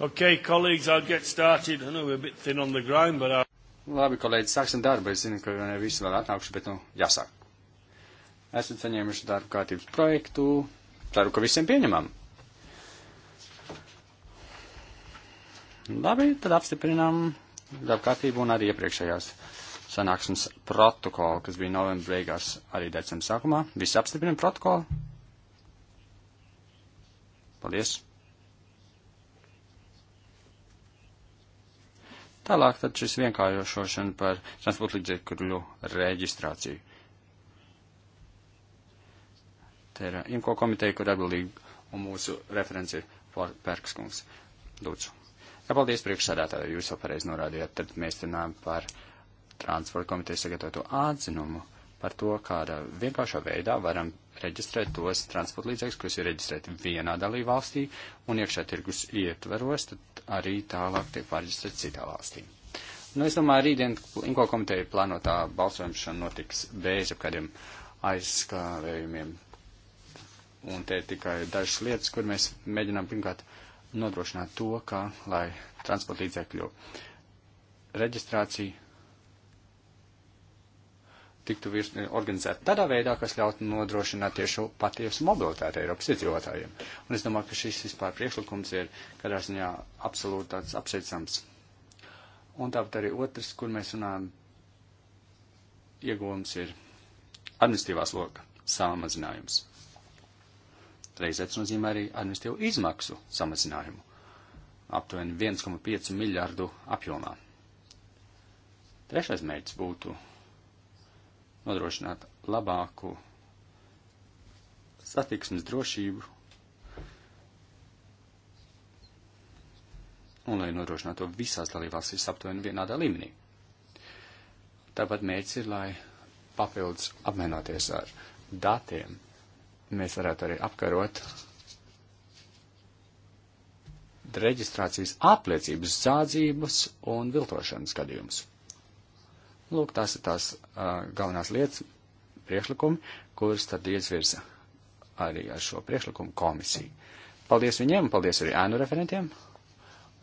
Okay, colleagues, I'll get started. I know we're a bit thin on the ground, but I... Labi, kolēģi, sāksim darbu. Es zinu, ka ne visi vēl atnākuši, bet, nu, jāsāk. Esat saņēmuši darbu kārtības projektu. Ceru, ka visiem pieņemam. Labi, tad apstiprinām darbu kārtību un arī iepriekšējās sanāksmes protokolu, kas bija novembra beigās arī decembra sākumā. Visi apstiprinam protokolu. Paldies! Tālāk tad šis vienkāršošana par transporta līdzekļu reģistrāciju. Te ir IMCO komiteja, kur atbildīgi un mūsu referents ir Pērkskungs. Lūdzu. Jā, paldies priekšsādātāju, jūs jau pareizi norādījāt, tad mēs runājam par transporta komitejas sagatavoto atzinumu par to, kādā vienkāršā veidā varam reģistrēt tos transporta līdzekļus, kas ir reģistrēti vienā dalību valstī, un iekšā tirgus ietveros, tad arī tālāk tiek pārģistrēt citā valstī. Nu, es domāju, rītdien Inko komiteja plānotā balsojumšana notiks bez jebkādiem aizskavējumiem. Un te tikai dažas lietas, kur mēs mēģinām pirmkārt nodrošināt to, ka, lai transporta līdzekļu reģistrācija tiktu virs, eh, organizēta tādā veidā, kas ļautu nodrošināt tiešu patiesu mobilitāti Eiropas iedzīvotājiem. Un es domāju, ka šis vispār priekšlikums ir kādā ziņā absolūti tāds apsveicams. Un tāpat arī otrs, kur mēs runājam, ieguvums ir administratīvās loka samazinājums. Reizēts nozīmē arī administratīvu izmaksu samazinājumu aptuveni 1,5 miljardu apjomā. Trešais mērķis būtu nodrošināt labāku satiksmes drošību un lai nodrošinātu to visās dalībvalstīs aptuveni vienādā līmenī. Tāpat mērķis ir, lai papildus apmainoties ar datiem, mēs varētu arī apkarot reģistrācijas apliecības zādzības un viltošanas gadījumus. Lūk, tās ir tās uh, galvenās lietas, priekšlikumi, kurus tad izvirza arī ar šo priekšlikumu komisiju. Paldies viņiem, paldies arī ēnu referentiem.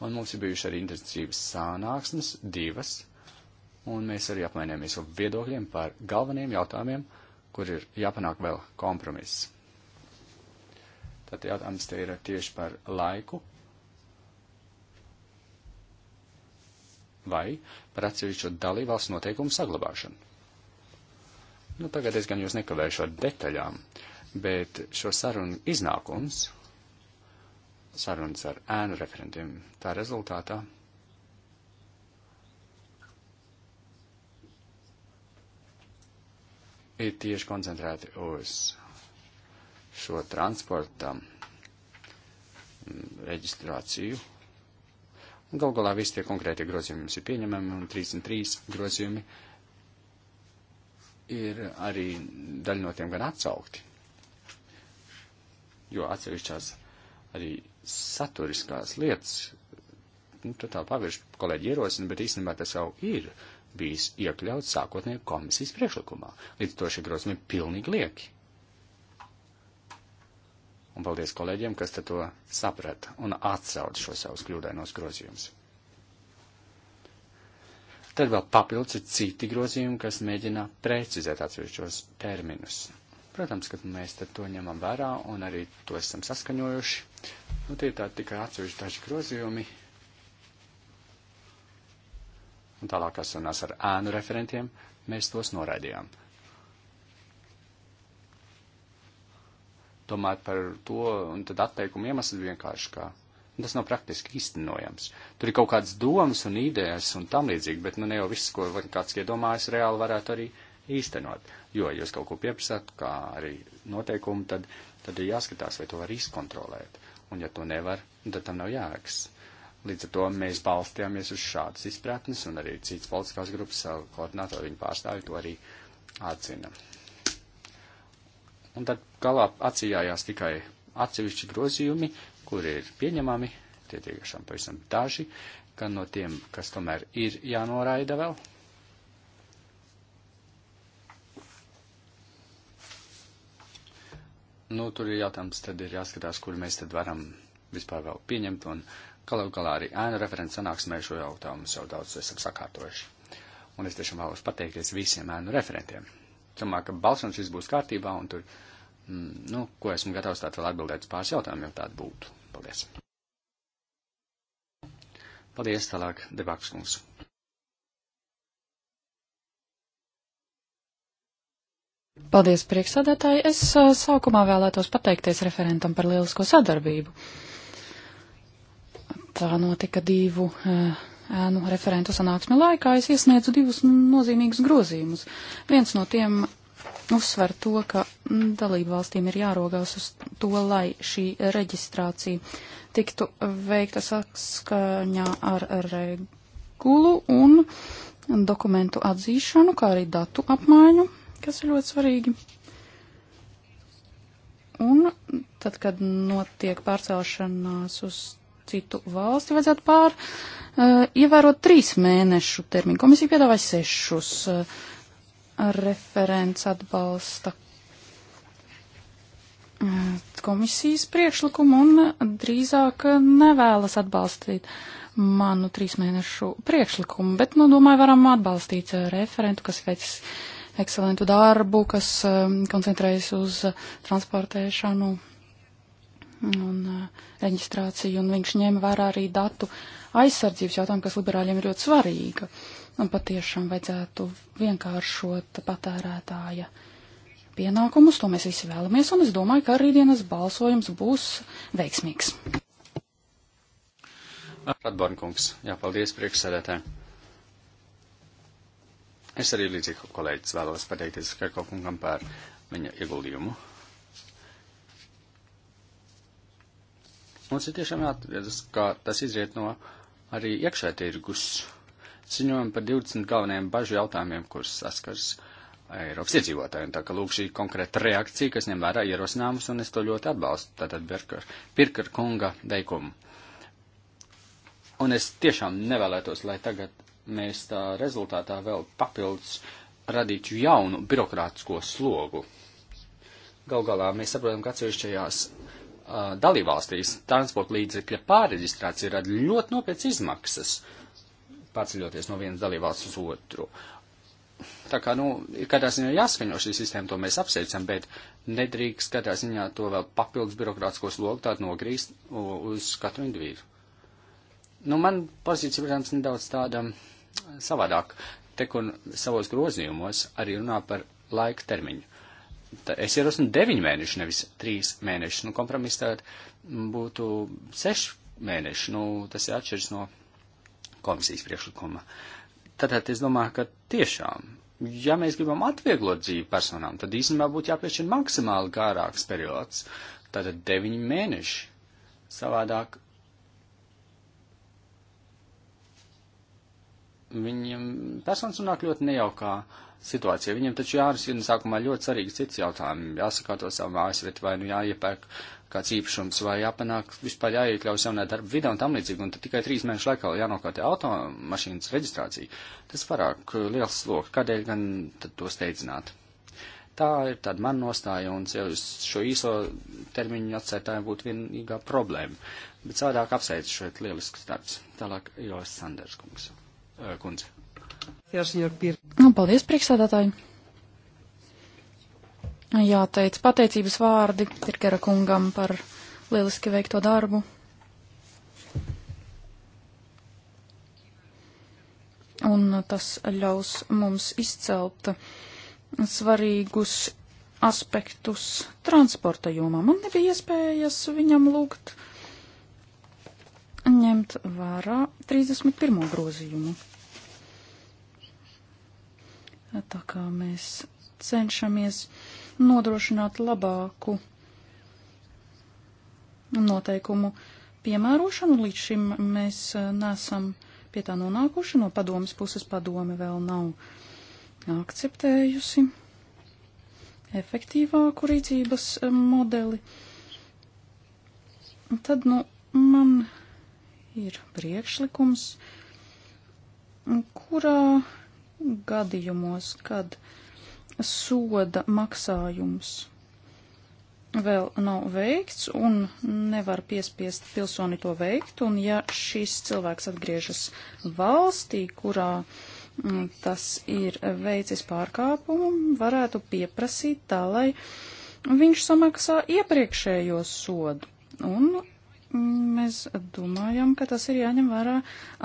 Un mums ir bijuši arī intensīvas sānāksmes, divas, un mēs arī apmainījāmies ar viedokļiem par galveniem jautājumiem, kur ir jāpanāk vēl kompromiss. Tad jautājums te ir tieši par laiku vai par atsevišķu dalībvalsts noteikumu saglabāšanu. Nu, tagad es gan jūs nekavēšu ar detaļām, bet šo sarunu iznākums, sarunas ar ēnu referentiem, tā rezultātā ir tieši koncentrēti uz šo transporta reģistrāciju Gal galā visi tie konkrētie grozījumi mums ir pieņemami, un 33 grozījumi ir arī daļa no tiem gan atsaukti. Jo atsevišķās arī saturiskās lietas, nu, tad tā pavirš kolēģi ierosina, bet īstenībā tas jau ir bijis iekļauts sākotnēji komisijas priekšlikumā. Līdz to šie grozījumi ir pilnīgi lieki. Un paldies kolēģiem, kas te to saprata un atsauc šo savus kļūdainos grozījumus. Tad vēl papildus ir citi grozījumi, kas mēģina precizēt atsevišķos terminus. Protams, ka mēs to ņemam vērā un arī to esam saskaņojuši. Nu, tie ir tādi tikai atsevišķi daži grozījumi. Un tālāk, kas runās ar ēnu referentiem, mēs tos noraidījām. domāt par to, un tad atteikuma iemesls vienkārši kā. Tas nav praktiski īstenojams. Tur ir kaut kādas domas un idejas un tam līdzīgi, bet nu ne jau viss, ko kāds iedomājas, reāli varētu arī īstenot. Jo, ja jūs kaut ko pieprasāt, kā arī noteikumu, tad, tad ir jāskatās, vai to var izkontrolēt. Un ja to nevar, tad tam nav jēgas. Līdz ar to mēs balstījāmies uz šādas izpratnes, un arī citas politiskās grupas koordinātori viņu pārstāvi to arī atzina un tad galā atsījājās tikai atsevišķi grozījumi, kuri ir pieņemami, tie tiešām pavisam daži, gan no tiem, kas tomēr ir jānoraida vēl. Nu, tur ir jautājums, tad ir jāskatās, kur mēs tad varam vispār vēl pieņemt, un galu galā arī ēnu referents sanāksmē šo jautājumu jau daudz esam sakārtojuši. Un es tiešām vēlos pateikties visiem ēnu referentiem domāju, ka balsojums viss būs kārtībā, un tur, mm, nu, ko esmu gatavs tātad atbildēt uz pāris jautājumiem, ja tāda būtu. Paldies. Paldies, tālāk, debaks kungs. Paldies, priekšsādātāji. Es sākumā vēlētos pateikties referentam par lielisko sadarbību. Tā notika divu. Uh, ēnu referentu sanāksmi laikā es iesniedzu divus nozīmīgus grozījumus. Viens no tiem uzsver to, ka dalību valstīm ir jārogās uz to, lai šī reģistrācija tiktu veikta saskaņā ar regulu un dokumentu atzīšanu, kā arī datu apmaiņu, kas ir ļoti svarīgi. Un tad, kad notiek pārcelšanās uz citu valsti vajadzētu pār uh, ievērot trīs mēnešu termiņu. Komisija piedāvāja sešus. Uh, referents atbalsta eh, komisijas priekšlikumu un drīzāk nevēlas atbalstīt manu trīs mēnešu priekšlikumu, bet, nu, domāju, varam atbalstīt referentu, kas veicis ekscelentu darbu, kas koncentrējas uz transportēšanu un uh, reģistrāciju, un viņš ņēma vērā arī datu aizsardzības jautājumu, kas liberāļiem ir ļoti svarīga. Un patiešām vajadzētu vienkāršot patērētāja pienākumus, to mēs visi vēlamies, un es domāju, ka rītdienas balsojums būs veiksmīgs. Radbornkungs, jā, paldies priekšsēdētājiem. Es arī līdzīgi kolēģis vēlos pateikties Kerko kungam par viņa ieguldījumu Mums ir tiešām jāatgriežas, ka tas izriet no arī iekšē tirgus ziņojumi par 20 galvenajiem bažu jautājumiem, kurus saskars Eiropas iedzīvotājiem. Tā ka lūk šī konkrēta reakcija, kas ņem vērā ierosinājumus, un es to ļoti atbalstu, tātad Birkar, Pirkar kunga veikumu. Un es tiešām nevēlētos, lai tagad mēs tā rezultātā vēl papildus radītu jaunu birokrātisko slogu. Gal galā mēs saprotam, ka atsevišķajās uh, dalībvalstīs transporta līdzekļa pārreģistrācija rada ļoti nopietnas izmaksas, pārceļoties no vienas dalībvalsts uz otru. Tā kā, nu, katrā ziņā jāskaņo šī sistēma, to mēs apsveicam, bet nedrīkst katrā ziņā to vēl papildus birokrātisko slogu tādu nogrīst uz katru individu. Nu, man pozīcija, protams, nedaudz tāda savādāk. Te, kur savos grozījumos arī runā par laika termiņu es ierosinu 9 mēnešus, nevis 3 mēnešus. Nu, kompromiss tad būtu 6 mēneši. Nu, tas ir atšķirs no komisijas priekšlikuma. Tātad es domāju, ka tiešām, ja mēs gribam atvieglot dzīvi personām, tad īstenībā būtu jāpiešķir maksimāli gārāks periods. Tātad 9 mēneši. Savādāk viņam personas nonāk ļoti nejaukā uh, situācija. Viņiem taču jārisina sākumā ļoti svarīgi cits jautājumi. Jāsakārto savu mājasvietu vai nu jāiepērk kāds īpašums vai jāpanāk vispār jāiekļaus jaunā darba vidē un tam līdzīgi. Un tad tikai trīs mēnešu laikā jānokārtē automašīnas reģistrācija. Tas parāk liels sloks. Kādēļ gan tad to steidzināt? Tā ir tāda man nostāja un šo īso termiņu atcētāju būtu vienīgā problēma. Bet savādāk apsveicu šeit lielisks darbs. Tālāk Joas Sanders kungs. Kundze. Nu, paldies, priekšsēdētāji! Jā, teica pateicības vārdi Tirkera kungam par lieliski veikto darbu. Un tas ļaus mums izcelt svarīgus aspektus transporta jomā. Man nebija iespējas viņam lūgt ņemt vērā 31. grozījumu. Tā kā mēs cenšamies nodrošināt labāku noteikumu piemērošanu, līdz šim mēs e, nesam pie tā nonākuši, no padomas puses padome vēl nav akceptējusi efektīvāku rīcības e, modeli. Tad, nu, man ir priekšlikums, kurā gadījumos, kad soda maksājums vēl nav veikts un nevar piespiest pilsoni to veikt, un ja šis cilvēks atgriežas valstī, kurā m, mm, tas ir veicis pārkāpumu, varētu pieprasīt tā, lai viņš samaksā iepriekšējo sodu. Un mēs domājam, ka tas ir jāņem vērā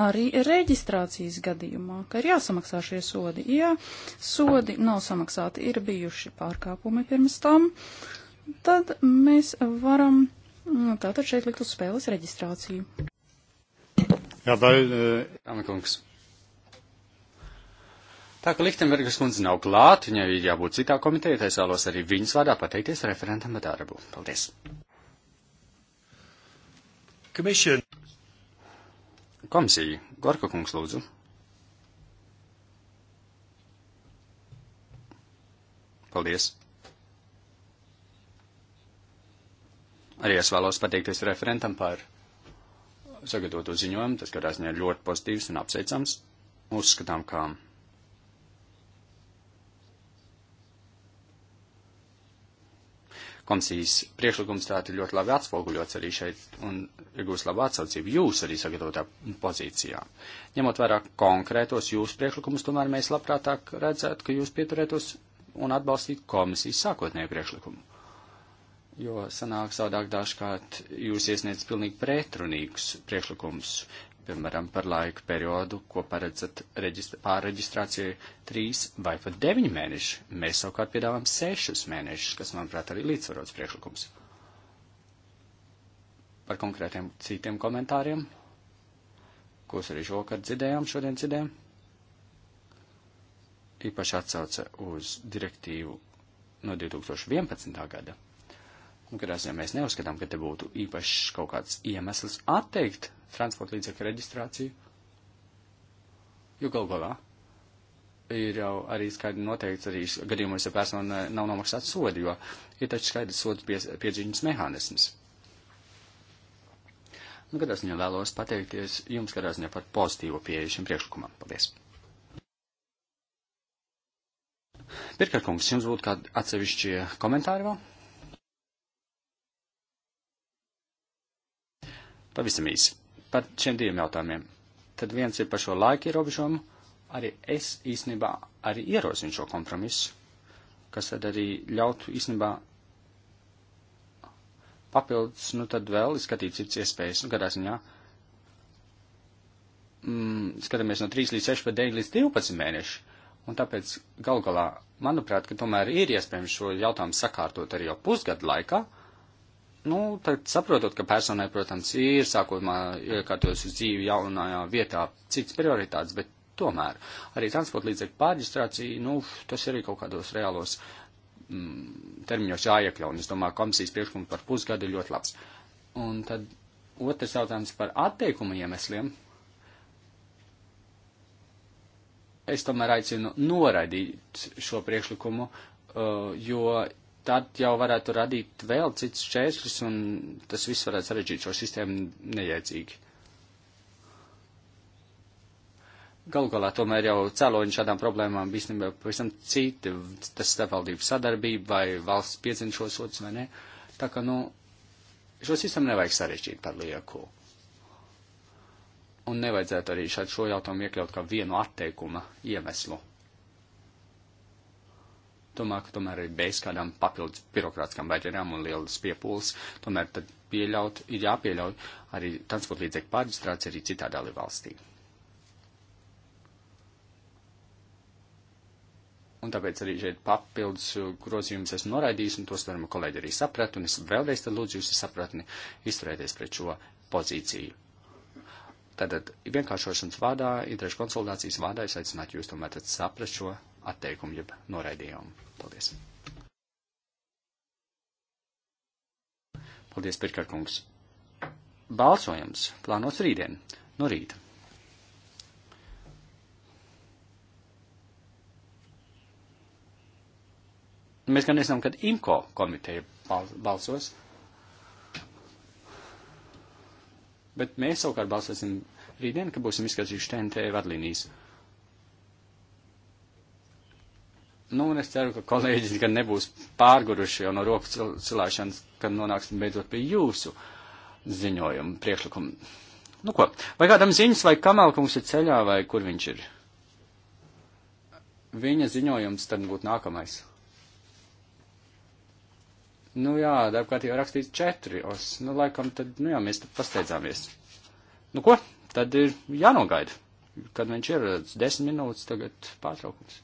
arī reģistrācijas gadījumā, ka ir jāsamaksā šie sodi. Ja sodi nav samaksāti, ir bijuši pārkāpumi pirms tam, tad mēs varam mm, tātad šeit likt uz spēles reģistrāciju. Jā, tā ir. Amakungs. E, tā ka Lichtenbergas kundze nav klāt, viņai ir jābūt citā komiteja, tā es vēlos arī viņas vārdā pateikties referentam par darbu. Paldies! Commission. Komisija, Gorka kungs, lūdzu. Paldies. Arī es vēlos pateikties referentam par sagatavotu ziņojumu. Tas, katrā ziņā, ir ļoti pozitīvs un apsveicams. Uzskatām, ka komisijas priekšlikums tātad ļoti labi atspoguļots arī šeit un iegūst labu atsaucību jūs arī sagatavotā pozīcijā. Ņemot vērā konkrētos jūsu priekšlikumus, tomēr mēs labprātāk redzētu, ka jūs pieturētos un atbalstītu komisijas sākotnēju priekšlikumu. Jo sanāk savādāk dažkārt jūs iesniedz pilnīgi pretrunīgus priekšlikumus, piemēram, par laika periodu, ko paredzat pārreģistrācijai 3 vai pat 9 mēneši. Mēs savukārt piedāvājam 6 mēnešus, kas, manuprāt, arī līdzsvarots priekšlikums. Par konkrētiem citiem komentāriem, kurus arī šovakar dzirdējām, šodien dzirdējām, īpaši atsauce uz direktīvu no 2011. gada. Un, kad mēs neuzskatām, ka te būtu īpašs kaut kāds iemesls atteikt transporta līdzekļu reģistrāciju. Jo galu galā ir jau arī skaidri noteikts arī gadījumos, ja persona nav nomaksāta sodu, jo ir taču skaidrs sodu pie, piedzīņas mehānisms. Nu, katrā ziņā vēlos pateikties jums, katrā ziņā par pozitīvo pieeju šim priekšlikumam. Paldies! Pirmkārt, kungs, jums būtu kādi atsevišķi komentāri vēl? Pavisam īsi par šiem diviem jautājumiem. Tad viens ir par šo laika ierobežojumu. Arī es īstenībā arī ierosinu šo kompromisu, kas tad arī ļautu īstenībā papildus, nu tad vēl izskatīt citas iespējas. Nu, kādā ziņā mm, skatāmies no 3 līdz 6, pat 9 līdz 12 mēneši. Un tāpēc gal galā, manuprāt, ka tomēr ir iespējams šo jautājumu sakārtot arī jau pusgadu laikā, uh, Nu, tad saprotot, ka personai, protams, ir sākumā iekārtojas uz dzīvi jaunajā vietā cits prioritātes, bet tomēr arī transporta līdzekļu pārģistrācija, nu, tas arī kaut kādos reālos mm, termiņos jāiekļau, un es domāju, komisijas priekšlikums par pusgadu ir ļoti labs. Un tad otrs jautājums par atteikuma iemesliem. Es tomēr aicinu noraidīt šo priekšlikumu, uh, jo tad jau varētu radīt vēl cits šķēršļus, un tas viss varētu sarežģīt šo sistēmu neiedzīgi. Galu galā tomēr jau cēloņi šādām problēmām īstenībā pavisam citi, tas starpvaldību sadarbība vai valsts piedzina šo sots vai ne. Tā ka, nu, šo sistēmu nevajag sarežģīt par lieku. Un nevajadzētu arī šādu šo jautājumu iekļaut kā vienu atteikuma iemeslu. Tomēr, ka tomēr ir bez kādām papildus birokrātiskām barjerām un lielas piepūles, tomēr tad pieļaut, ir jāpieļauj arī transporta līdzekļu pārģistrācija arī citā dalībvalstī. Un tāpēc arī šeit papildus grozījumus esmu noraidījis, un tos varam kolēģi arī saprat, un es vēlreiz tad lūdzu jūsu sapratni izturēties pret šo pozīciju. Tātad vienkāršošanas vārdā, interešu konsultācijas vārdā es aicinātu jūs tomēr tad saprast šo atteikumu, jeb noraidījumu. Paldies! Paldies, Pirkarkungs! Balsojums plānots rītdien, no rīta. Mēs gan nezinām, kad IMCO komiteja balsos, bet mēs savukārt balsosim rītdien, kad būsim izskatījuši TNT vadlīnijas. Nu, un es ceru, ka kolēģis gan nebūs pārguruši jau no roku cilāšanas, kad nonāksim beidzot pie jūsu ziņojuma priekšlikuma. Nu ko, vai kādam ziņas, vai kamalkungs ir ceļā, vai kur viņš ir? Viņa ziņojums tad būtu nākamais. Nu jā, darbkārt jau rakstīts četri, os, nu laikam tad, nu jā, mēs tad pasteidzāmies. Nu ko, tad ir jānogaida, kad viņš ir desmit minūtes tagad pārtraukums.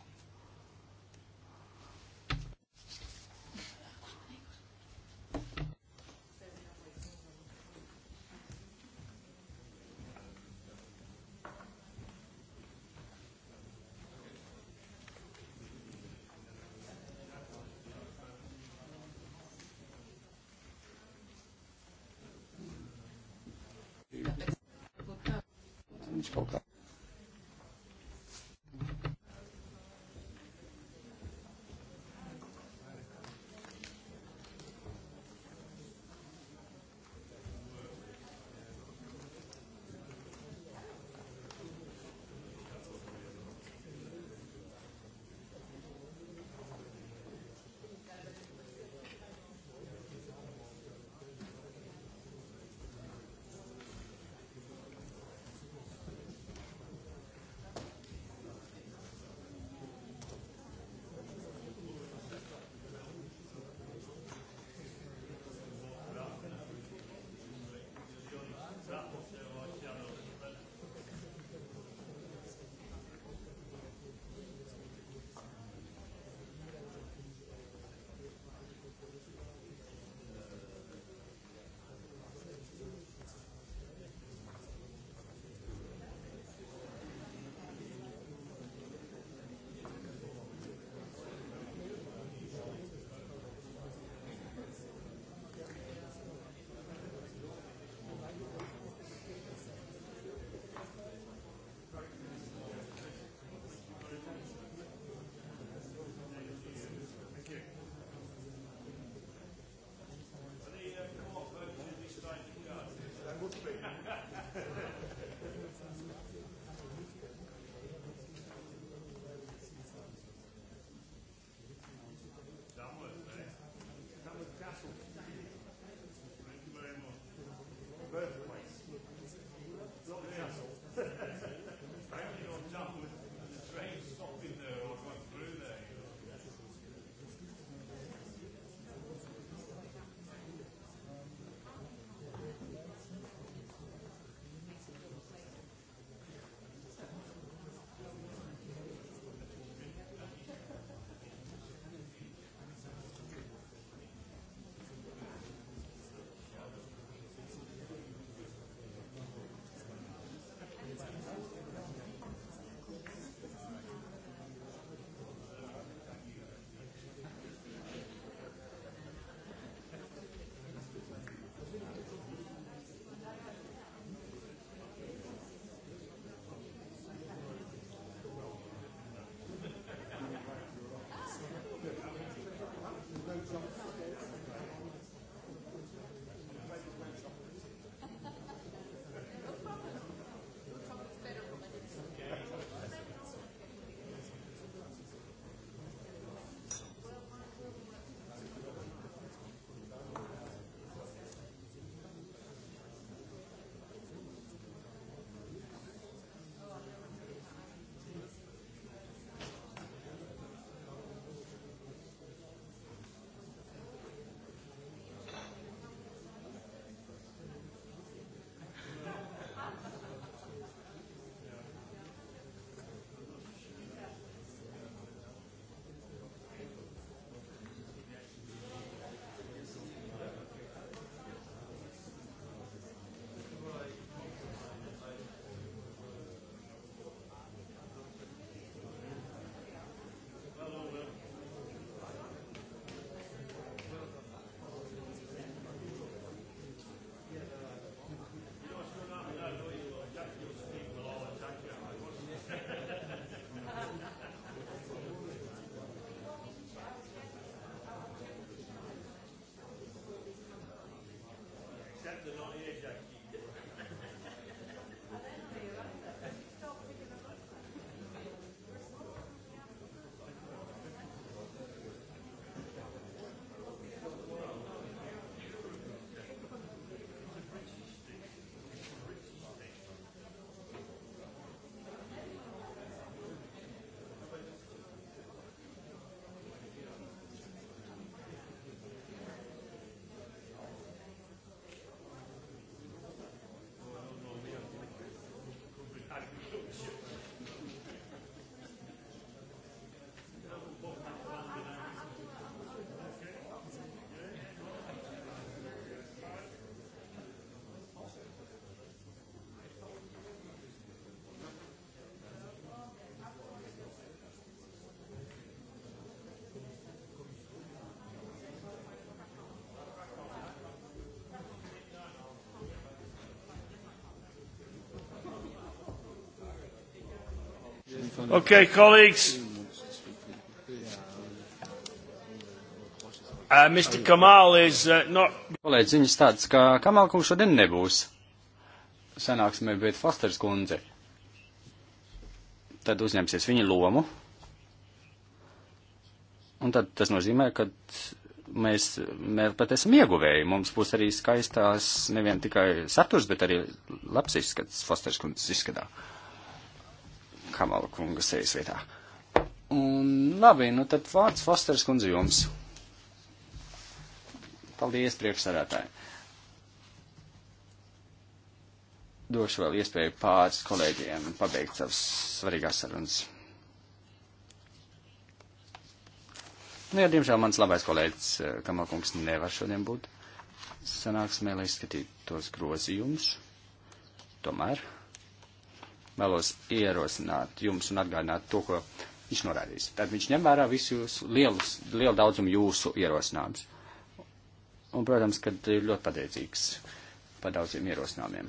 Exactement, exactement. Okay, colleagues. Uh, Mr. Kamal is uh, not. Kolēģi, ziņas tādas, ka Kamal kungs šodien nebūs. Sanāksmē, bet Fosters kundze. Tad uzņemsies viņa lomu. Un tad tas nozīmē, ka mēs, mēs pat esam ieguvēji. Mums būs arī skaistās nevien tikai saturs, bet arī labs izskats Fosters kundzes izskatā. Uh, Kamala kunga sejas vietā. Un labi, nu tad vārds Fosters kundze jums. Paldies, priekšsarētāji. Došu vēl iespēju pāris kolēģiem pabeigt savas svarīgās sarunas. Nu, ja, diemžēl mans labais kolēģis eh, Kamalkungs nevar šodien būt sanāksmē, lai izskatītu tos grozījumus. Tomēr vēlos ierosināt jums un atgādināt to, ko viņš norādījis. Tad viņš ņem vērā visus lielus, lielu daudzumu jūsu ierosinājumus. Un, protams, ka ir ļoti pateicīgs par daudziem ierosinājumiem.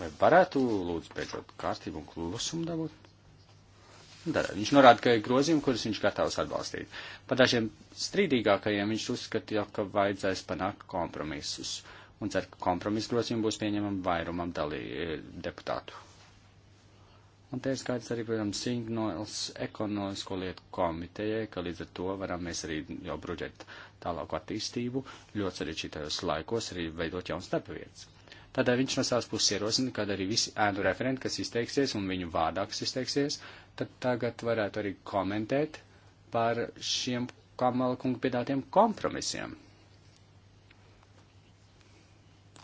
Vai varētu, lūdzu, beidzot kārtību un klusumu dabūt? Darā. Viņš norāda, ka ir grozījumi, kurus viņš gatavs atbalstīt. Par dažiem strīdīgākajiem viņš uzskatīja, ka vajadzēs panākt kompromisus. Uh, un ceru, ka kompromisu grozījumi būs pieņemami vairumam dalī e, deputātu. Un te ir skaidrs arī, protams, signāls ekonomisko lietu komitejai, ka līdz ar to varam mēs arī jau bruģēt tālāku attīstību, ļoti sarežģītajos laikos arī veidot jaunas darba vietas. Tādēļ viņš no savas puses ierosina, kad arī visi ēnu referenti, kas izteiksies un viņu vārdā, kas izteiksies, tad tagad varētu arī komentēt par šiem Kamala kunga piedātiem kompromisiem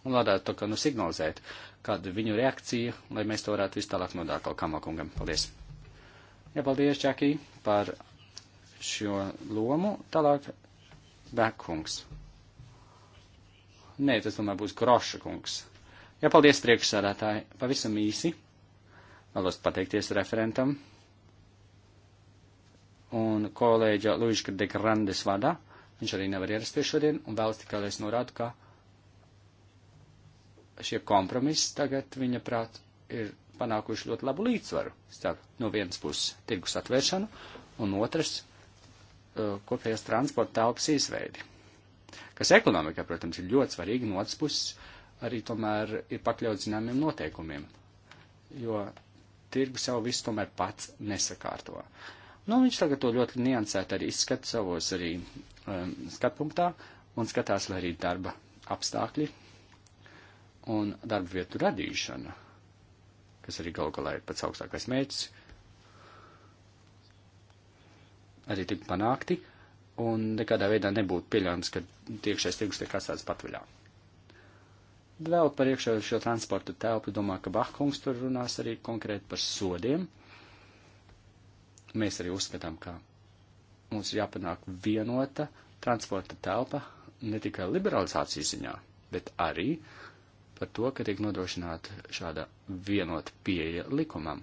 un varētu to kā nu signalizēt, kāda viņu reakcija, lai mēs to varētu visu tālāk nodāt vēl kamakungam. Paldies! Jā, paldies, Čakī, par šo lomu. Tālāk Bekungs. Nē, tas tomēr būs Groša kungs. Jā, paldies priekšsādātāji. Pavisam īsi. Vēlos pateikties referentam un kolēģa Luiska de Grandes vadā. Viņš arī nevar ierasties šodien un vēlas tikai, lai es norādu, ka šie kompromisi tagad, viņa prāt, ir panākuši ļoti labu līdzsvaru starp no vienas puses tirgus atvēršanu un otras uh, kopējās transporta telpas izveidi, kas ekonomikā, protams, ir ļoti svarīgi, no otras puses arī tomēr ir pakļauts zināmiem noteikumiem, jo tirgus jau visu tomēr pats nesakārto. Nu, viņš tagad to ļoti niansēt arī izskata savos arī um, skatpunktā un skatās, lai arī darba apstākļi un darba vietu radīšana, kas arī gal galā ir pats augstākais mērķis, arī tik panākti, un nekādā veidā nebūtu pieļaujams, ka tiekšais tirgus tiek atstāts patvaļā. Vēl par iekšējo šo transporta telpu domā, ka Bahkungs tur runās arī konkrēti par sodiem. Mēs arī uzskatām, ka mums ir jāpanāk vienota transporta telpa ne tikai liberalizācijas ziņā, bet arī uh, par to, ka tiek nodrošināta šāda vienota pieeja likumam,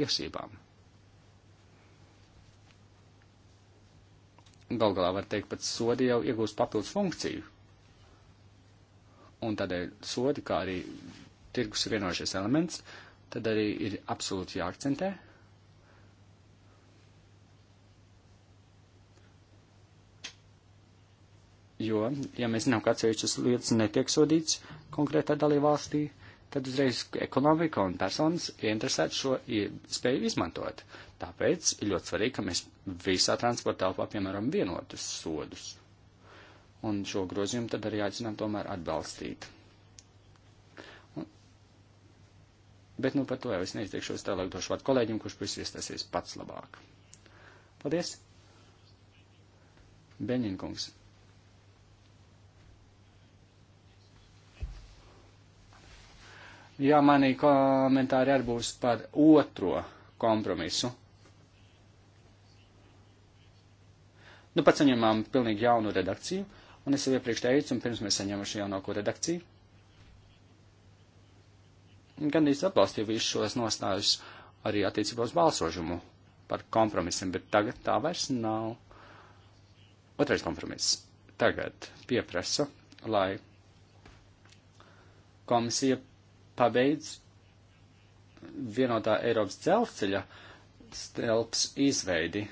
tiesībām. Gal galā var teikt, pat sodi jau iegūst papildus funkciju. Un tādēļ sodi, kā arī tirgus vienojušies elements, tad arī ir absolūti jāakcentē, jo, ja mēs zinām, ka atsevišķas lietas netiek sodīts konkrētā dalībvalstī, tad uzreiz ekonomika un personas ieinteresēti šo spēju izmantot. Tāpēc ir ļoti svarīgi, ka mēs visā transporta telpā, piemēram, vienotus sodus. Un šo grozījumu tad arī aicinām tomēr atbalstīt. Un, bet nu par to jau es neizteikšos tālāk došu vārdu kolēģim, kurš pēc iestāsies pats labāk. Paldies! Beņinkungs. Jā, manī komentāri arī būs par otro kompromisu. Nu, pats saņemām pilnīgi jaunu redakciju, un es jau iepriekš teicu, un pirms mēs saņēmām šo jaunāko redakciju, gan arī atbalstīju visus šos nostājus arī attiecībā uz balsožumu par kompromisiem, bet tagad tā vairs nav. Otrais kompromiss. Tagad pieprasa, lai komisija pabeidz vienotā Eiropas dzelzceļa stelps izveidi,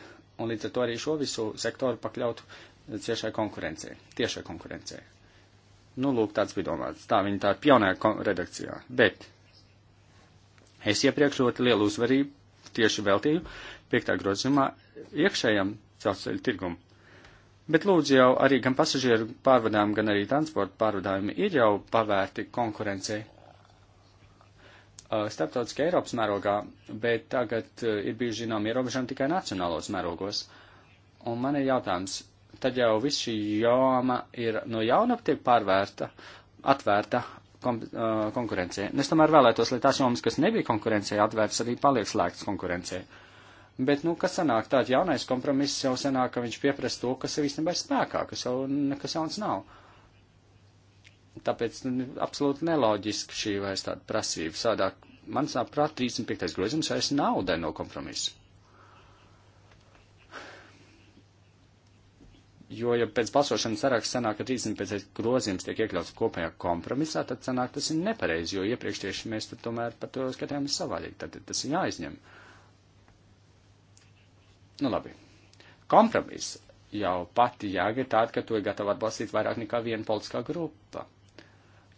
un līdz ar to arī šo visu sektoru pakļautu ciešai konkurencei, tiešai konkurencei. Nu, lūk, tāds bija domāts. Tā viņa tā ir pionēra redakcijā. Bet es iepriekš ļoti lielu uzvarību tieši veltīju piektā grozījumā iekšējam dzelzceļa tirgumam. Bet lūdzu jau arī gan pasažieru pārvadājumi, gan arī transporta pārvadājumi ir jau pavērti konkurencei. Uh, starptautiski Eiropas mērogā, bet tagad uh, ir bijuši zinām ierobežojumi tikai nacionālos mērogos. Un man ir jautājums, tad jau viss šī joma ir no jauna tiek pārvērta, atvērta kom, uh, konkurencei. Es tomēr vēlētos, lai tās jomas, kas nebija konkurencei atvērtas, arī paliek slēgtas konkurencei. Bet, nu, kas sanāk, tāds jaunais kompromiss jau sanāk, ka viņš pieprasa to, kas ir īstenībā spēkā, kas jau nekas jauns nav. Uh, Tāpēc nu, absolūti neloģiski šī vairs tāda prasība. Sādāk, man saprāt, 35. grozījums vairs nav daļa no kompromisa. Jo, ja pēc balsošanas saraksta sanāk, ka 35. grozījums tiek iekļauts kopējā kompromisā, tad sanāk tas ir nepareizi, jo iepriekš tieši mēs tad tomēr par to skatījāmies savādāk. Tad tas ir jāizņem. Nu labi. Kompromiss jau pati jēga ir tāda, ka to ir gatava atbalstīt vairāk nekā viena politiskā grupa.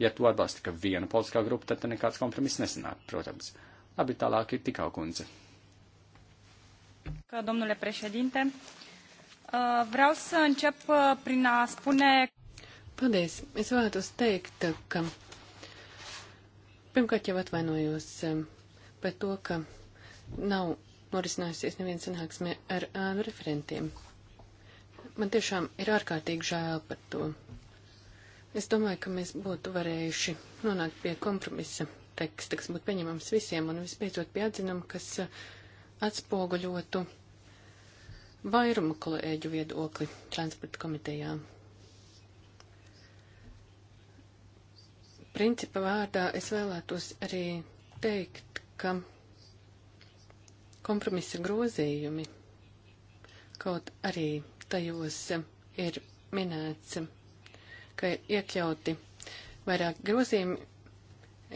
Ja to atbalsta tikai viena politiskā grupa, tad nekāds kompromiss nesanāk, protams. Labi, tālāk ir tikā kundze. Că, domnule președinte, vreau să încep prin a spune... Paldies! Es vēlētos teikt, ka pirmkārt jau atvainojos par to, ka nav norisinājusies neviena sanāksme ar ānu referentiem. Man tiešām ir ārkārtīgi žēl par to. Es domāju, ka mēs būtu varējuši nonākt pie kompromisa teksta, kas būtu pieņemams visiem, un visbeidzot pie atzinuma, kas uh, atspoguļotu vairumu kolēģu viedokli transporta komitejā. Principa vārdā es vēlētos arī teikt, ka kompromisa grozījumi, kaut arī tajos ir minēts ka ir iekļauti vairāk grozījumi.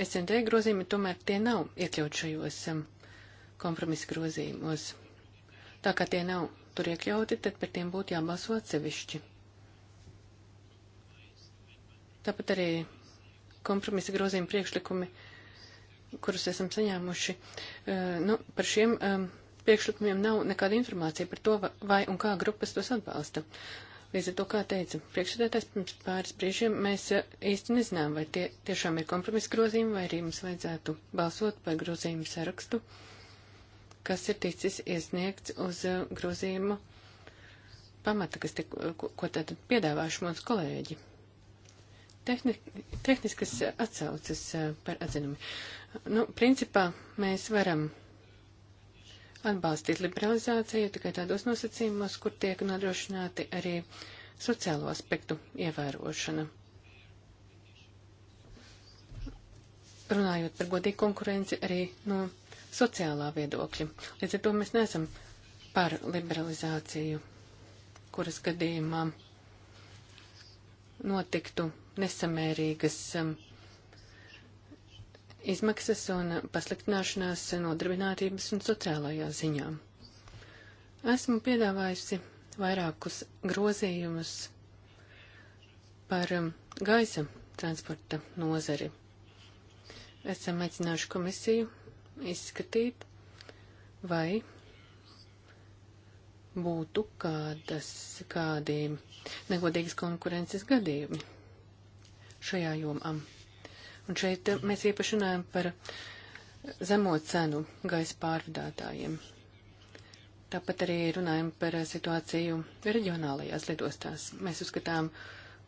SND grozījumi tomēr tie nav iekļaut šajos um, kompromisa grozījumos. Tā kā tie nav tur iekļauti, tad par tiem būtu jābalso atsevišķi. Tāpat arī kompromisa grozījuma priekšlikumi, kurus esam saņēmuši, uh, nu, par šiem um, priekšlikumiem nav nekāda informācija par to, vai un kā grupas tos atbalsta. Līdz ar to, kā teica priekšsēdētājs, pirms pāris brīžiem mēs eh, īsti nezinām, vai tie tiešām ir kompromisa grozījumi, vai arī mums vajadzētu balsot par grozījumu sarakstu, kas ir ticis iesniegts uz eh, grozījumu pamata, kas tik, eh, ko, ko tātad piedāvāšu mūsu kolēģi. Tehni, tehniskas atsaucas par atzinumu. Nu, principā mēs varam atbalstīt liberalizāciju tikai tādos nosacījumos, kur tiek nodrošināti arī sociālo aspektu ievērošana. Runājot par godīgu konkurenci arī no sociālā viedokļa. Līdz ar to mēs neesam par liberalizāciju, kuras gadījumā notiktu nesamērīgas um, izmaksas un pasliktināšanās nodarbinātības un sociālajā ziņā. Esmu piedāvājusi vairākus grozījumus par um, gaisa transporta nozari. Esam aicinājuši komisiju izskatīt, vai būtu kādas, kādi negodīgas konkurences gadījumi šajā jomā. Un šeit eh, mēs īpaši runājam par zemo cenu gaisa pārvadātājiem. Tāpat arī runājam par situāciju reģionālajās lidostās. Mēs uzskatām,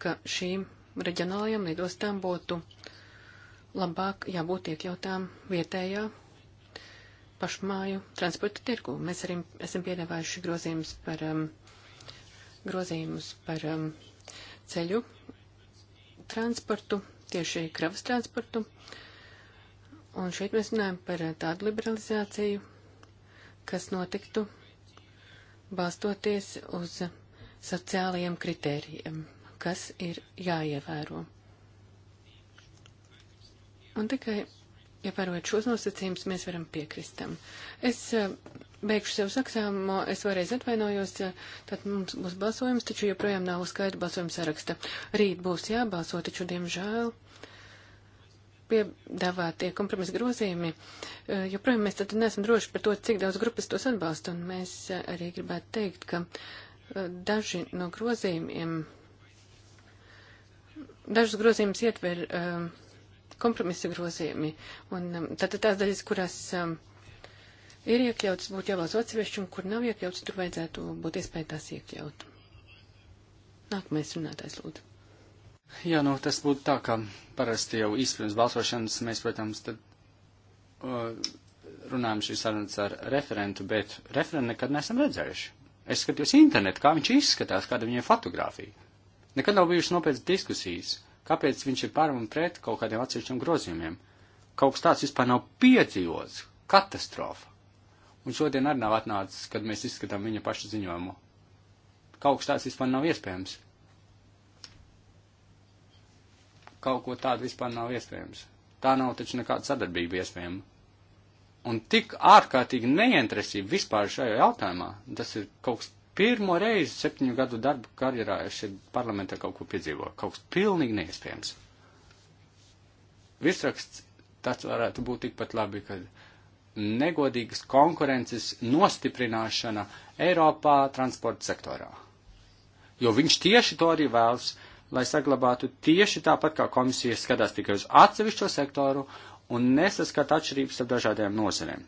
ka šīm reģionālajām lidostām būtu labāk jābūt iekļautām vietējā pašmāju transporta tirgu. Mēs arī esam piedāvājuši grozījumus par, um, grozījumus par um, ceļu transportu tieši kravas transportu. Un šeit mēs runājam par tādu liberalizāciju, kas notiktu balstoties uz sociālajiem kritērijiem, kas ir jāievēro. Un tikai ievērojot ja šos nosacījumus, mēs varam piekrist tam. Es Beigšu sev sakām, es vēlreiz atvainojos, tad mums būs balsojums, taču joprojām nav skaidra balsojuma saraksta. Rīt būs jābalso, taču, diemžēl, piedāvātie kompromisa grozījumi, eh, joprojām mēs tad nesam droši par to, cik daudz grupas tos atbalsta, un mēs eh, arī gribētu teikt, ka eh, daži no grozījumiem, dažus grozījumus ietver kompromisa grozījumi, un tātad tās daļas, kurās ir iekļautas, būtu jābalso atsevišķi, un kur nav iekļautas, tur vajadzētu būt iespēja tās iekļaut. Nākamais runātājs lūdzu. Jā, nu tas būtu tā, ka parasti jau īsti pirms balsošanas mēs, protams, tad uh, runājam šīs sarunas ar referentu, bet referentu nekad neesam redzējuši. Es skatījos internetu, kā viņš izskatās, kāda viņai fotografija. Nekad nav bijušas nopietnas diskusijas, kāpēc viņš ir par un pret kaut kādiem atsevišķiem grozījumiem. Kaut kas tāds vispār nav piedzīvots. Katastrofa. Un šodien arī nav atnācis, kad mēs izskatām viņa paša ziņojumu. Kaut kas tāds vispār nav iespējams. Kaut ko tādu vispār nav iespējams. Tā nav taču nekāda sadarbība iespējama. Un tik ārkārtīgi neinteresība vispār šajā jautājumā, tas ir kaut kas pirmo reizi septiņu gadu darbu karjerā es šeit parlamentā kaut ko piedzīvoju. Kaut kas pilnīgi neiespējams. Virsraksts tāds varētu būt tikpat labi, kad. Ka negodīgas konkurences nostiprināšana Eiropā transporta sektorā. Jo viņš tieši to arī vēlas, lai saglabātu tieši tāpat, kā komisija skatās tikai uz atsevišķo sektoru un nesaskata atšķirības ar dažādiem nozerēm,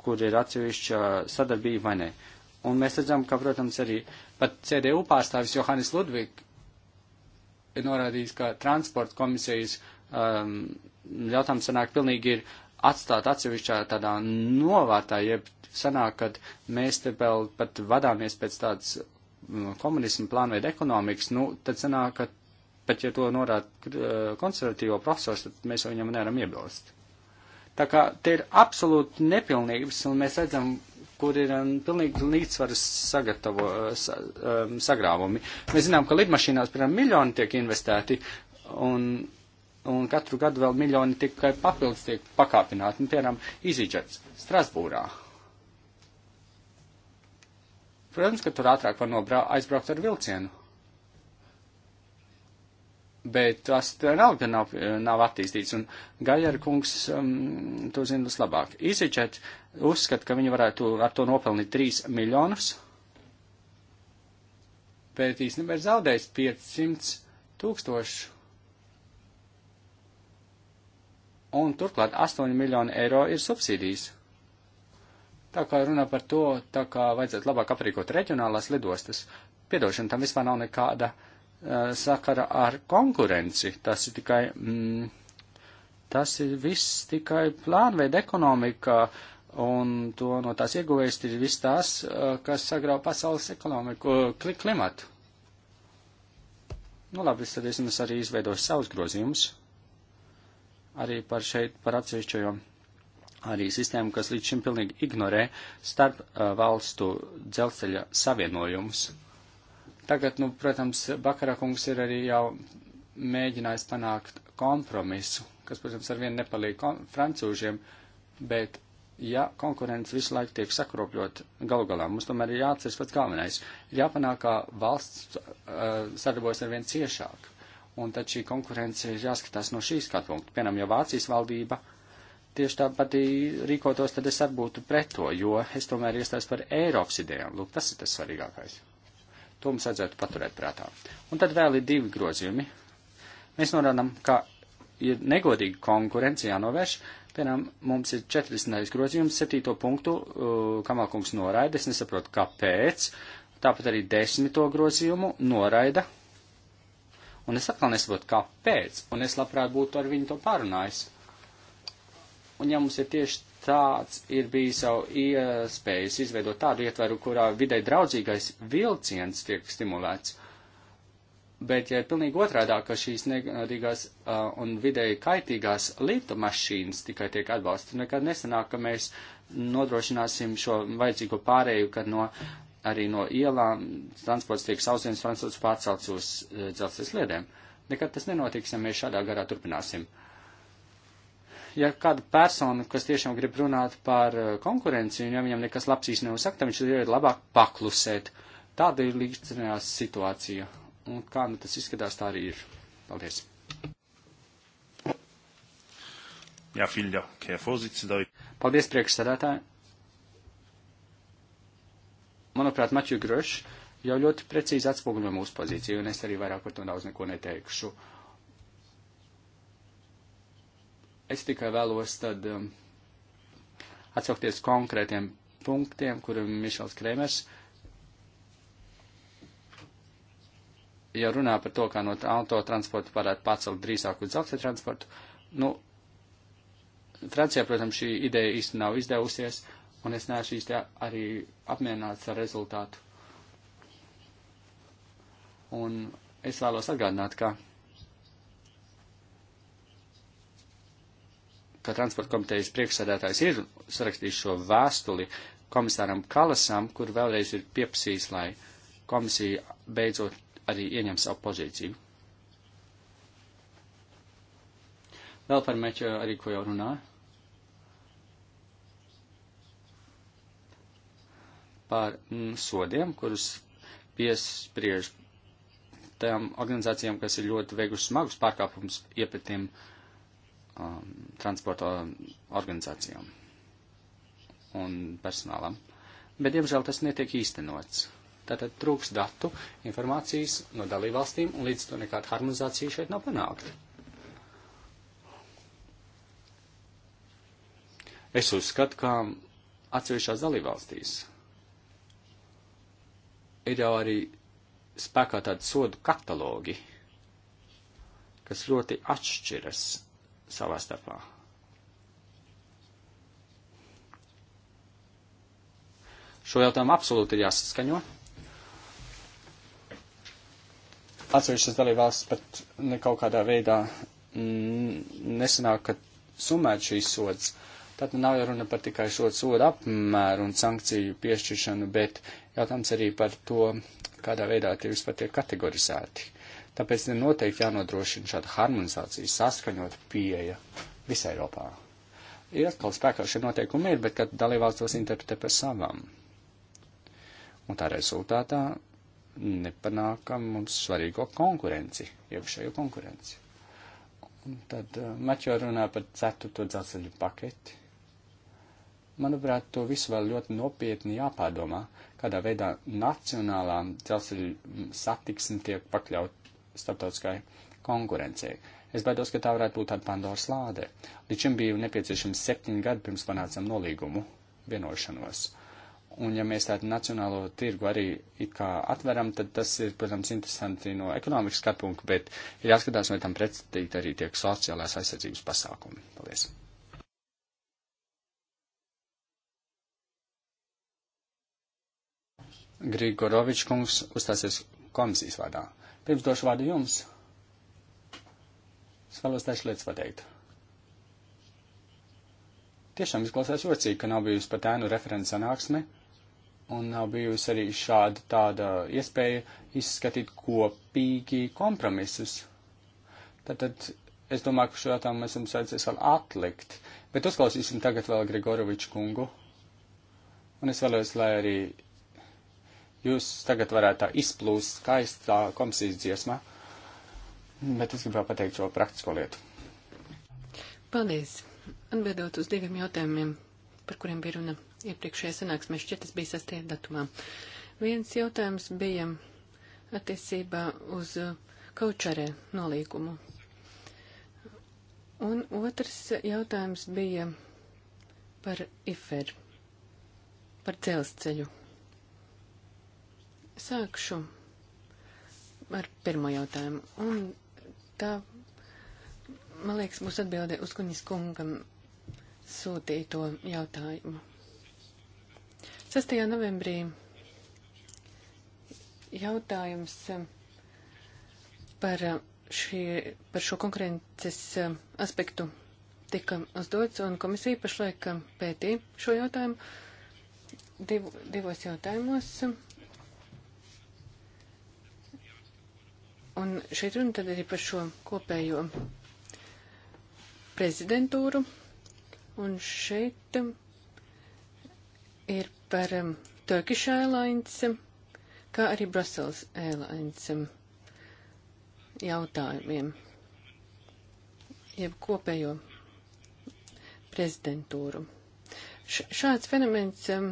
kur ir atsevišķa sadarbība vai nē. Un mēs redzam, ka, protams, arī pat CDU pārstāvis Johannes Ludvig ir norādījis, ka transporta komisijas um, jautājums sanāk pilnīgi ir uh, atstāt atsevišķā tādā novārtā, jeb sanāk, kad mēs te vēl pat vadāmies pēc tādas mm, komunismu plānveida ekonomikas, nu, tad sanāk, ka pat ja to norāda eh, konservatīvo profesors, tad mēs viņam nevaram iebilst. Tā kā te ir absolūti nepilnības, un mēs redzam, kur ir um, pilnīgi līdzsvaras sagatavo, eh, sa, um, sagrāvumi. Mēs zinām, ka lidmašīnās, piemēram, miljoni tiek investēti, un un katru gadu vēl miljoni tikai papildus tiek pakāpināti, un piemēram, um, EasyJets Strasbūrā. Protams, ka tur ātrāk var nobrā, aizbraukt ar vilcienu. Bet tas nav, ka nav, nav attīstīts, un Gajara kungs um, to zina vislabāk. EasyJet uzskata, ka viņi varētu ar to nopelnīt 3 miljonus, bet īstenībā ir zaudējis 500 tūkstošu un turklāt 8 miljoni eiro ir subsīdijas. Tā kā runā par to, tā kā vajadzētu labāk aprīkot reģionālās lidostas, piedošana tam vispār nav nekāda uh, sakara ar konkurenci. Tas ir tikai, mm, tas ir viss tikai plānveida ekonomika, un to no tās ieguvējas ir viss tās, uh, kas sagrauj pasaules ekonomiku, uh, klimatu. Nu labi, tad es jums arī izveidošu savus grozījumus arī par šeit, par atsevišķojo arī sistēmu, kas līdz šim pilnīgi ignorē starp uh, valstu dzelzceļa savienojumus. Tagad, nu, protams, Bakarakungs ir arī jau mēģinājis panākt kompromisu, kas, protams, arvien nepalīdz francūžiem, bet ja konkurence visu laiku tiek sakropļot galu galā, mums tomēr ir jāatceras pats galvenais. Ir jāpanāk, ka valsts uh, sadarbojas ar vien ciešāk un tad šī konkurence ir jāskatās no šīs skatu punkta. Piemēram, ja Vācijas valdība tieši tāpat rīkotos, tad es arī būtu pret to, jo es tomēr iestājos par Eiropas idejām. Lūk, tas ir tas svarīgākais. To mums vajadzētu paturēt prātā. Un tad vēl ir divi grozījumi. Mēs norādām, ka ir negodīga konkurence jānovērš. Piemēram, mums ir 40. grozījums, 7. punktu, uh, kamalkungs noraida, es nesaprotu, kāpēc. Tāpat arī 10. grozījumu noraida, Un es atkal nesaprotu, kāpēc, un es labprāt būtu ar viņu to pārunājis. Un ja mums ir tieši tāds, ir bijis jau iespējas izveidot tādu ietveru, kurā videi draudzīgais vilciens tiek stimulēts. Bet, ja ir pilnīgi otrādā, ka šīs negadīgās uh, un vidēji kaitīgās līta mašīnas tikai tiek atbalsta, nekad nesanāk, ka mēs nodrošināsim šo vajadzīgo pārēju, kad no arī no ielām transports tiek sausienas transports pārcelts uz uh, eh, dzelzceļa sliedēm. Nekad tas nenotiks, ja mēs šādā garā turpināsim. Ja kāda persona, kas tiešām grib runāt par uh, konkurenci, un ja viņam nekas labs īsti nav sakta, viņš ir labāk paklusēt. Tāda ir līdzinājās situācija. Un kā nu tas izskatās, tā arī ir. Paldies. Jā, ja, Filja, Kēfozits, David. Paldies, priekšsēdētāji manuprāt, Maķu Grošs jau ļoti precīzi atspoguļo mūsu pozīciju, un es arī vairāk par to daudz neko neteikšu. Es tikai vēlos tad um, atsaukties konkrētiem punktiem, kuriem Mišels Kremers jau runā par to, kā no autotransporta varētu pacelt drīzāk uz dzelzceļa transportu. Nu, Francijā, protams, šī ideja īsti nav izdevusies, uh, un es neesmu īsti arī apmierināts ar rezultātu. Un es vēlos atgādināt, ka, ka transporta komitejas priekšsēdētājs ir sarakstījis šo vēstuli komisāram Kalasam, kur vēlreiz ir pieprasījis, lai komisija beidzot arī ieņem savu pozīciju. Vēl par meču arī, ko jau runāju. par mm, sodiem, kurus piespriež tām organizācijām, kas ir ļoti veikuši smagus pārkāpumus iepratiem um, transporta organizācijām un personālam. Bet, diemžēl, tas netiek īstenots. Tātad trūks datu, informācijas no dalībvalstīm, un līdz to nekāda harmonizācija šeit nav panākta. Es uzskatu, ka atsevišķās dalībvalstīs ir jau arī spēkā tādi sodu katalogi, kas ļoti atšķiras savā starpā. Šo jautājumu absolūti ir jāsaskaņo. Atsevišķas dalībvalstis pat ne kaut kādā veidā nesanāk, ka summēt šīs sodas. Tad nav jau runa par tikai šo sodu apmēru un sankciju piešķiršanu, bet Jautājums arī par to, kādā veidā tie vispār tiek kategorizēti. Tāpēc ir noteikti jānodrošina šāda harmonizācija, saskaņot pieeja visā Eiropā. Ir atkal spēkā šie noteikumi ir, bet kad dalībvalsts tos interpretē par savām. Un tā rezultātā nepanākam mums svarīgo konkurenci, iekšējo konkurenci. Un tad eh, Maķo runā par ceturto dzelzceļu paketi. Manuprāt, to visu vēl ļoti nopietni jāpārdomā, kādā veidā nacionālā dzelzceļa satiksme tiek pakļaut starptautiskai konkurencei. Es baidos, ka tā varētu būt tāda Pandoras lāde. Līdz šim bija nepieciešams septiņi gadi pirms panācam nolīgumu vienošanos. Un ja mēs tādu nacionālo tirgu arī it kā atveram, tad tas ir, protams, interesanti no ekonomikas skatpunkta, bet ir jāskatās, vai tam pretstīt arī tiek sociālās aizsardzības pasākumi. Paldies! Grigorovičs kungs uzstāsies komisijas vārdā. Pirms došu vārdu jums, es vēlos dažas lietas pateikt. Tiešām izklausās jocīgi, ka nav bijusi pat ēnu referents sanāksme, un nav bijusi arī šāda tāda iespēja izskatīt kopīgi kompromisus. Tātad es domāju, ka šo jautājumu mēs jums vajadzēs vēl atlikt, bet uzklausīsim tagad vēl Grigoroviču kungu. Un es vēlos, lai arī Jūs tagad varētu tā izplūst skaistā komisijas dziesmā, bet es gribēju pateikt šo praktisko lietu. Paldies! Atbildot uz diviem jautājumiem, par kuriem bija runa iepriekšējā sanāksmē, šķiet, tas bija 6. datumā. Viens jautājums bija attiecībā uz kaučarē nolīgumu. Un otrs jautājums bija par iferu, par dzelzceļu Sākšu ar pirmo jautājumu. Un tā, man liekas, būs atbilde uz kuņas kungam sūtīto jautājumu. 6. novembrī jautājums eh, par, eh, šī, par šo konkurences eh, aspektu tika uzdots, un komisija pašlaik pētī šo jautājumu div, divos jautājumos Un šeit runa tad arī par šo kopējo prezidentūru. Un šeit um, ir par um, Turkish Airlines, kā arī Brussels Airlines um, jautājumiem, jeb kopējo prezidentūru. Š šāds fenomens um,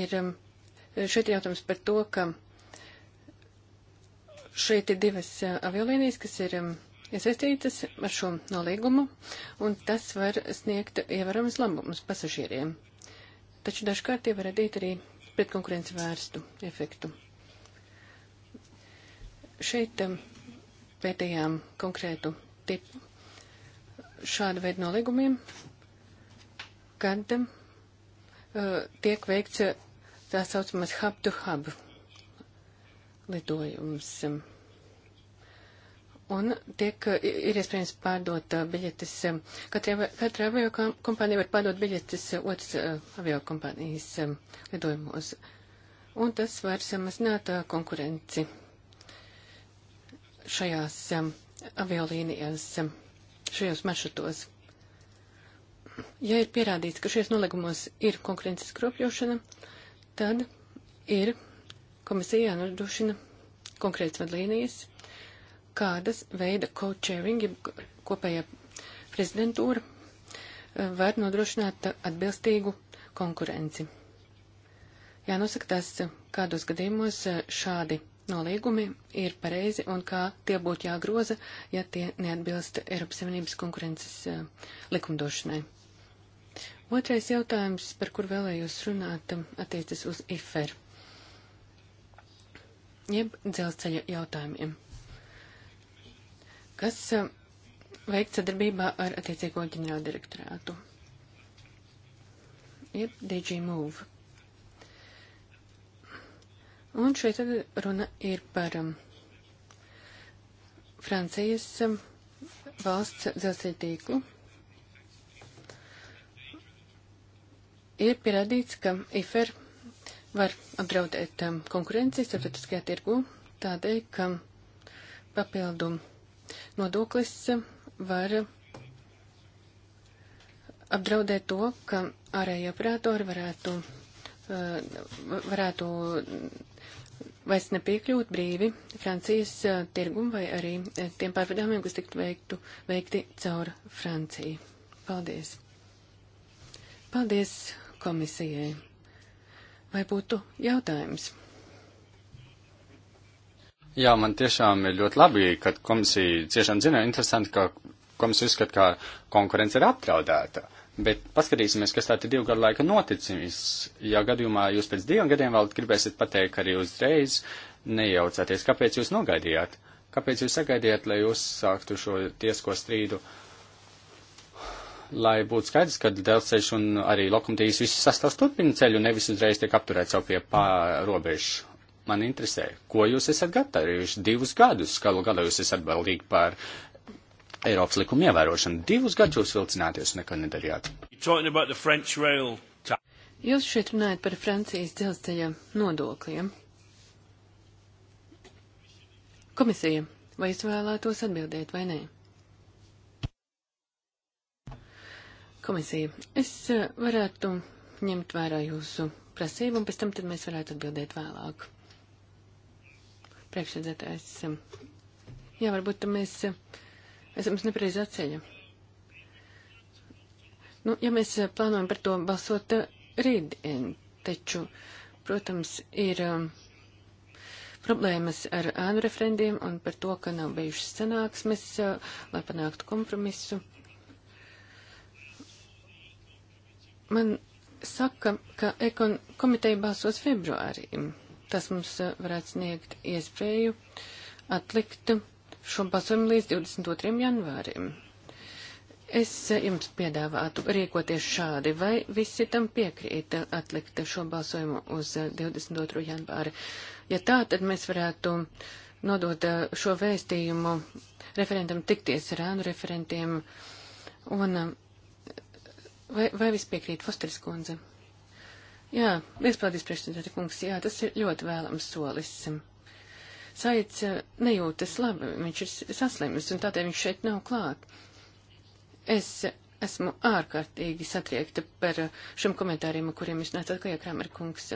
ir, um, šeit jautājums par to, ka Šeit ir divas aviolīnijas, kas ir iesaistītas ar šo nolīgumu, un tas var sniegt ievaramas labumus pasažieriem. Taču dažkārt tie var radīt arī pretkonkurences vērstu efektu. Šeit pētījām konkrētu tipu šādu veidu nolīgumiem, kad uh, tiek veikts tā saucamais hub to hub lidojums. Un tiek, ir iespējams pārdot uh, biļetes, katra, um, katra avio kompānija var pārdot biļetes uh, otras uh, avio kompānijas um, lidojumos. Un tas var samazināt konkurenci šajās um, aviolīnijās, šajos maršrutos. Ja ir pierādīts, ka šajos nolīgumos ir konkurences kropļošana, tad ir Komisija jānodrošina konkrēts vadlīnijas, kādas veida co-chairing, kopējā prezidentūra, eh, var nodrošināt atbilstīgu konkurenci. Jānosaka tas, kādos gadījumos eh, šādi nolīgumi ir pareizi un kā tie būtu jāgroza, ja tie neatbilst Eiropas Savienības konkurences eh, likumdošanai. Otrais jautājums, par kur vēlējos runāt, attiecas uz IFER jeb dzelzceļa jautājumiem, kas e, veikts sadarbībā ar attiecīgo ģenerāla direktorātu, jeb DG Move. Un šeit tad runa ir par um, Francijas um, valsts dzelzceļa tīklu. Ir pierādīts, ka IFER var apdraudēt um, konkurenci starptautiskajā tirgu tādēļ, ka papildu nodoklis um, var apdraudēt to, ka ārējie operatori varētu, uh, varētu vairs nepiekļūt brīvi Francijas uh, tirgumu vai arī uh, tiem pārvadājumiem, kas tiktu veiktu, veikti caur Franciju. Paldies! Paldies komisijai! Vai būtu jautājums? Jā, man tiešām ir ļoti labi, ka komisija ciešām zina, interesanti, ka komisija uzskata, ka konkurence ir apdraudēta. Bet paskatīsimies, kas tātad divu gadu laika noticis. Ja gadījumā jūs pēc diviem gadiem vēl gribēsiet pateikt arī uzreiz, nejaucāties, kāpēc jūs nogaidījāt, kāpēc jūs sagaidījāt, lai uzsāktu šo tiesko strīdu. Uh, lai būtu skaidrs, ka dzelzceļš un arī lokomotīvas viss sastāvs turpina ceļu un nevis uzreiz tiek apturēts jau pie robežas. Man interesē, ko jūs esat gatavojuši divus gadus, galu galā jūs esat atbildīgi par Eiropas likumu ievērošanu. Divus gadus jūs vilcināties un neko nedarījāt. Jūs šeit runājat par Francijas dzelzceļa nodokļiem. Komisija, vai jūs vēlētos atbildēt vai nē? Komisija, es eh, varētu ņemt vērā jūsu prasību, un pēc tam tad mēs varētu atbildēt vēlāk. Priekšsēdētājs, eh, jā, varbūt mēs eh, esam uz nepareizi atceļa. Nu, ja mēs plānojam par to balsot rītdien, taču, protams, ir problēmas ar ēnu referendiem un par to, ka nav bijušas sanāksmes, lai panāktu kompromisu. Man saka, ka ekon komiteja balsos februārī. Tas mums eh, varētu sniegt iespēju atlikt šo balsojumu līdz 22. janvārim. Es eh, jums piedāvātu rīkoties šādi, vai visi tam piekrīt eh, atlikt šo balsojumu uz 22. janvāri. Ja tā, tad mēs varētu nodot šo vēstījumu referentam tikties ar ēnu referentiem un Vai, vai vispiekrīt Fosteris kundze? Jā, liels paldies, priekšsēdētāji kungs. Jā, tas ir ļoti vēlams solis. Saic eh, nejūtas labi, viņš ir saslimis, un tādēļ viņš šeit nav klāt. Es esmu ārkārtīgi satriekta par eh, šiem komentāriem, kuriem jūs nācāt, ka jākrāmer kungs.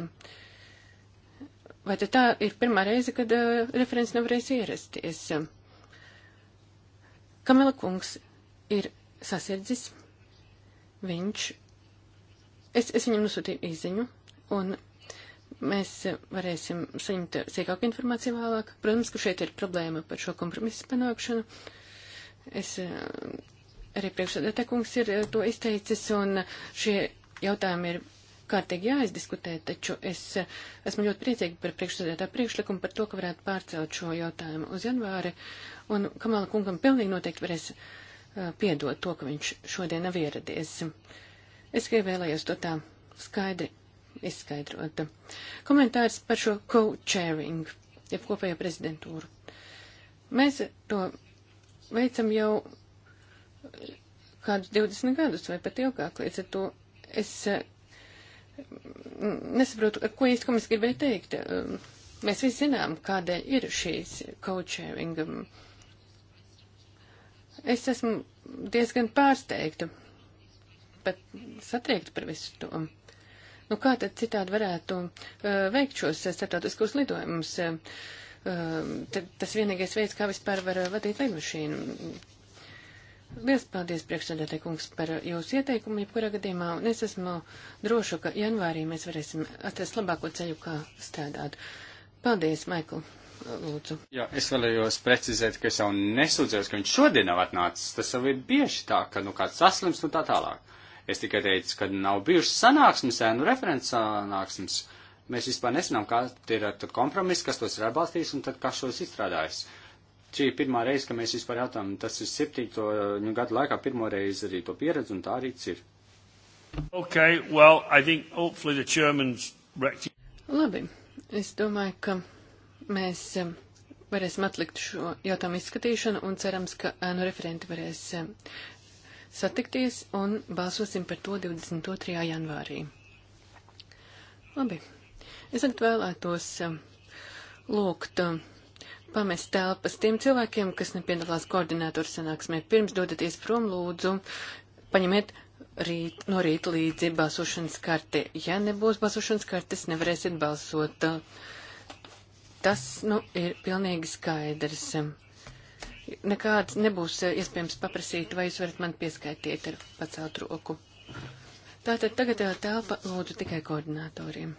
Vai tad tā ir pirmā reize, kad uh, referents nevarēs ierasties? Kamela kungs ir sasirdzis viņš, es, es viņam nosūtīju īziņu, un mēs varēsim saņemt sīkāku informāciju vēlāk. Protams, ka šeit ir problēma par šo kompromisu panākšanu. Es eh, arī priekšsēdētā kungs ir eh, to izteicis, un šie jautājumi ir kārtīgi jāizdiskutē, taču es eh, esmu ļoti priecīgi par priekšsēdētā priekšlikumu par to, ka varētu pārcelt šo jautājumu uz janvāri, un Kamala kungam pilnīgi noteikti varēs Eh, piedot to, ka viņš šodien nav ieradies. Es tikai vēlējos to tā skaidri izskaidrot. Komentārs par šo co-chairing, jeb kopējo prezidentūru. Mēs to veicam jau kādus 20 gadus vai pat ilgāk, līdz ar to es eh, nesaprotu, ar ko īsti komisija gribēja teikt. Eh, mēs visi zinām, kādēļ ir šīs co-chairing mm, Es esmu diezgan pārsteigta, pat satriekta par visu to. Nu, kā tad citādi varētu uh, veikt šos uh, starptautiskos lidojumus? Uh, um, tas vienīgais veids, kā vispār var uh, vadīt lidmašīnu. Liels paldies, priekšsēdētāji kungs, par uh, jūsu ieteikumu, jebkurā gadījumā, un es esmu drošu, ka janvārī mēs varēsim atrast labāko ceļu, kā strādāt. Paldies, Maikl! Lūdzu. Jā, es vēlējos precizēt, ka es jau nesūdzējos, ka viņš šodien nav atnācis. Tas jau ir bieži tā, ka nu kāds saslims un tā tālāk. Es tikai teicu, ka nav bijušas sanāksmes, ēnu referents sanāksmes. Mēs vispār nezinām, kā ir eh, kompromiss, kas tos ir atbalstījis un tad kas tos izstrādājis. Šī ir pirmā reize, ka mēs vispār jautājam, tas ir septīto nu, gadu laikā pirmo reizi arī to pieredzi un tā arī ir. Okay, well, I think hopefully the chairman's... Labi, es domāju, ka mēs um, varēsim atlikt šo jautājumu izskatīšanu un cerams, ka ēnu uh, referenti varēs um, satikties un balsosim par to 22. janvārī. Labi. Es tagad vēlētos um, lūgt pamest telpas tiem cilvēkiem, kas nepiedalās koordinātoru sanāksmē. Pirms dodaties prom, lūdzu, paņemiet rīt, no rīta līdzi balsošanas karti. Ja nebūs balsošanas kartes, nevarēsiet balsot. Uh, Tas, nu, ir pilnīgi skaidrs. Nekāds nebūs iespējams paprasīt, vai jūs varat man pieskaitiet ar pacelt roku. Tātad tagad telpa lūdzu tikai koordinatoriem.